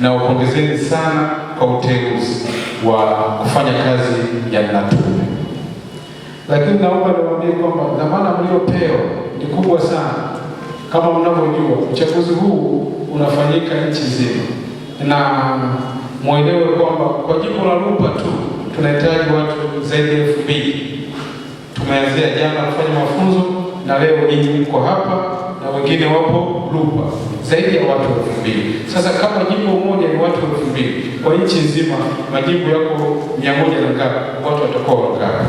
na wapongezeni sana kwa uteuzi wa kufanya kazi ya Natume, lakini naomba niwaambie kwamba dhamana mliopewa ni kubwa sana. Kama mnavyojua uchaguzi huu unafanyika nchi nzima, na mwelewe kwamba kwa jimbo la Lupa tu tunahitaji watu zaidi ya elfu mbili. Tumeanzia jana kufanya mafunzo na leo ninyi mko hapa na wengine wapo Lupa zaidi ya watu elfu mbili. Sasa kama jimbo moja ni watu elfu mbili kwa nchi nzima, majimbo yako mia moja na ngapi, watu watakuwa wangapi?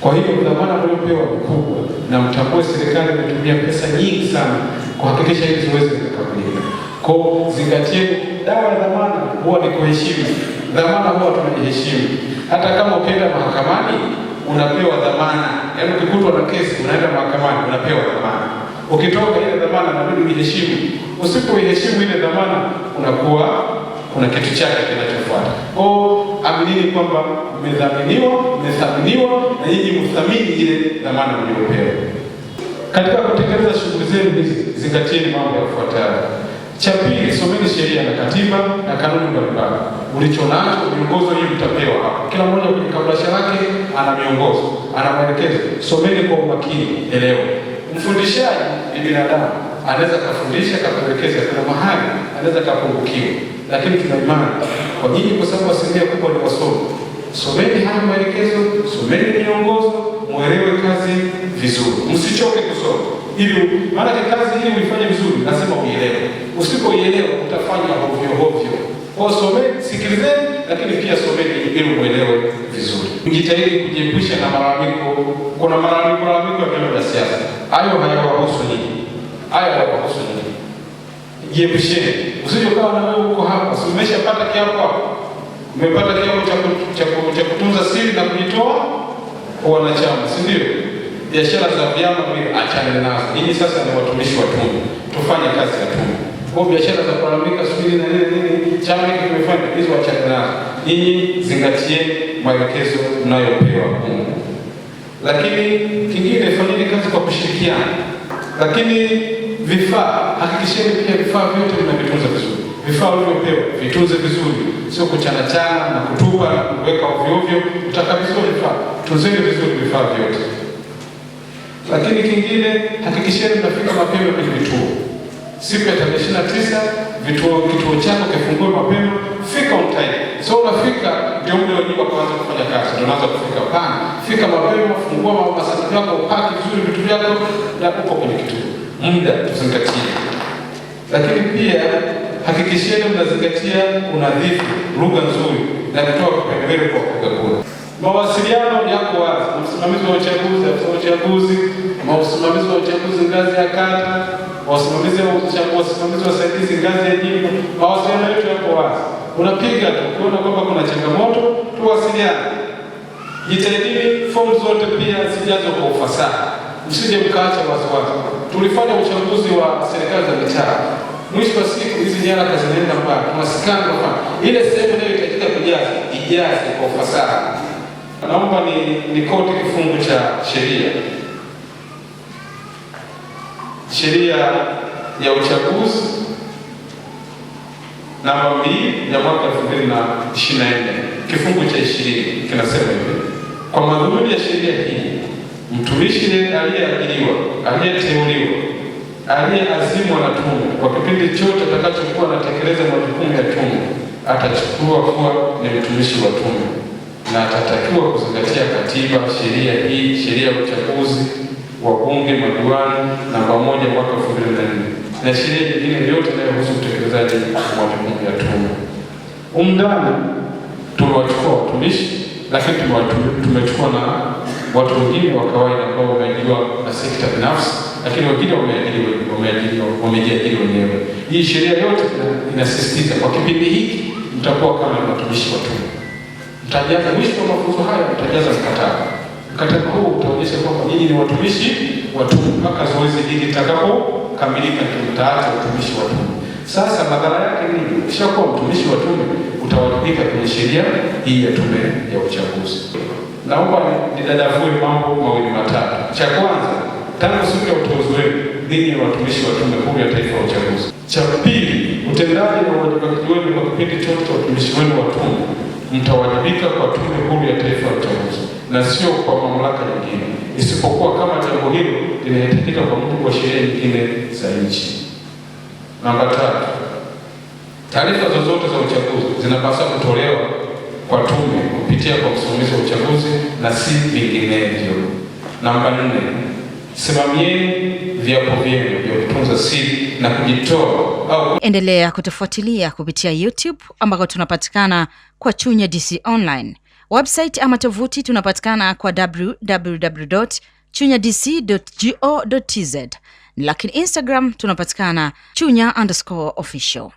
Kwa hiyo dhamana uliopewa mkubwa, na mtambue serikali imetumia pesa nyingi sana kuhakikisha hili ziweze linakamilika. Kwa zingatie, dawa ya dhamana huwa ni kuheshimu dhamana, huwa tunajiheshimu. Hata kama ukienda mahakamani unapewa dhamana, yaani ukikutwa na kesi unaenda mahakamani unapewa dhamana Ukitoka ile dhamana na nabidi uiheshimu. Usipoiheshimu ile dhamana, unakuwa kuna kitu chake kinachofuata. Kwa aminini kwamba mmedhaminiwa, mmethaminiwa na nyinyi mthamini ile dhamana mliopewa. Katika kutekeleza shughuli zenu hizi, zingatieni mambo yafuatayo. Cha pili, someni sheria na katiba na kanuni mbalimbali. Ulicho nacho miongozo hiyo mtapewa hapo. Kila mmoja kwenye kabrasha lake ana miongozo, ana maelekezo. Someni kwa umakini, elewa mfundishaji ni binadamu, anaweza akafundisha kapelekeza, kuna mahali anaweza kapungukiwa, lakini tuna imani kwa nyinyi, kwa sababu asilimia kubwa ni wasomi. Someni haya maelekezo, someni miongozo, mwelewe kazi vizuri, msichoke kusoma ili maana kazi hii uifanye vizuri lazima uielewe. Usipoielewa utafanya hovyo hovyo. Kwa someni, sikilizeni, lakini pia someni ili muelewe vizuri. Mjitahidi kujiepusha na malalamiko. Kuna malalamiko malalamiko ya vyama vya siasa hayo hayawahusu nyinyi, hayo hayawahusu nyinyi. Jiepusheni, usije ukawa na wewe uko hapa, si umeshapata kiapo hapo? Umepata kiapo cha kutunza siri na kujitoa kwa wanachama, si ndio? Biashara za vyama vile achane nazo. Nyinyi sasa ni watumishi wa tume, tufanye kazi ya tume. Kwa biashara za kulalamika subiri na nini nini, chama hiki kimefanya hizo, achane nazo. Nyinyi zingatieni maelekezo mnayopewa lakini kingine fanyeni kazi kwa kushirikiana, lakini vifaa, hakikisheni pia vifaa vyote vinavitunza vizuri. Vifaa ulivyopewa vitunze vizuri, sio kuchanachana na kutupa na kuweka ovyo ovyo. Utakabidhiwa vifaa, tunzeni vizuri vifaa vyote. Lakini kingine, hakikisheni mnafika mapema kwenye vituo. Siku ya tarehe 29 vituo, kituo chako kifungue mapema, fika on time so unafika ndio muda wenyewe wa kuanza kufanya kazi, ndio unaanza kufika pana. Fika mapema, fungua masaki yako, upaki vizuri vitu vyako na uko kwenye kituo. Muda tuzingatie, lakini pia hakikisheni mnazingatia unadhifu, lugha nzuri na kutoa kipengele kwa kupiga kura. Mawasiliano yako wazi msimamizi wa uchaguzi, afisa uchaguzi, msimamizi wa uchaguzi ngazi ya kata, wasimamizi wa uchaguzi, wasimamizi wasaidizi ngazi ya jimbo. Mawasiliano yote yako wazi unapiga tu kuona kwamba kuna changamoto, tuwasiliane. Jitahidini fomu zote pia zijazo kwa ufasaha, msije mkaacha waziwazi. Tulifanya uchambuzi wa serikali za mitaa, mwisho wa siku hizi nyaraka zinaenda mbali, tunasikana kwamba ile sehemu inayohitajika kujaza ijaze kwa ufasaha. Naomba ni nikote kifungu cha sheria sheria ya uchaguzi namba mbili ya mwaka elfu mbili na ishirini na nne kifungu cha ishirini kinasema hivi: kwa madhumuni ya sheria hii mtumishi aliyeajiriwa, aliyeteuliwa, aliyeazimwa na tume kwa kipindi chote atakachokuwa anatekeleza majukumu ya tume atachukuliwa kuwa ni mtumishi wa tume na atatakiwa kuzingatia katiba, sheria hii, sheria ya uchaguzi wa bunge madiwani namba moja mwaka elfu mbili na nne na sheria nyingine yote inayohusu utekelezaji wa majukumu ya tume. Umndani tumewachukua watumishi, lakini tumechukua na watu wengine wa kawaida ambao wameajiriwa na sekta binafsi, lakini wengine wamejiajiri wenyewe. Hii sheria yote inasisitiza kwa kipindi hiki mtakuwa kama watumishi wa tume, mtajaza mwisho wa mafunzo haya, mtajaza mkataba. Mkataba huu utaonyesha kwamba nyinyi ni watumishi wa tume mpaka zoezi hili litakapo kukamilika kiutaacha utumishi wa tume. Sasa madhara yake ni ukishakuwa mtumishi wa tume utawajibika kwenye sheria hii ya tume ya uchaguzi. Naomba nidadavue mambo mawili matatu. Cha kwanza, tangu siku ya uteuzi wenu ninyi ni watumishi wa Tume Huru ya Taifa ya Uchaguzi. Cha pili, utendaji na uwajibikaji wenu kwa kipindi chote cha utumishi wenu wa tume, mtawajibika kwa Tume Huru ya Taifa ya Uchaguzi na sio kwa mamlaka nyingine, isipokuwa kama jambo hilo linahitajika kwa mtu wa sheria nyingine za nchi. Namba tatu, taarifa zozote za uchaguzi zinapaswa kutolewa kwa tume kupitia kwa msimamizi wa uchaguzi na si vinginevyo. Namba nne, simamieni viapo vyenu vya kutunza siri na kujitoa au... Endelea kutufuatilia kupitia YouTube ambako tunapatikana kwa Chunya DC Online. Website ama tovuti tunapatikana kwa www chunya dc go tz, lakini Instagram tunapatikana chunya underscore official.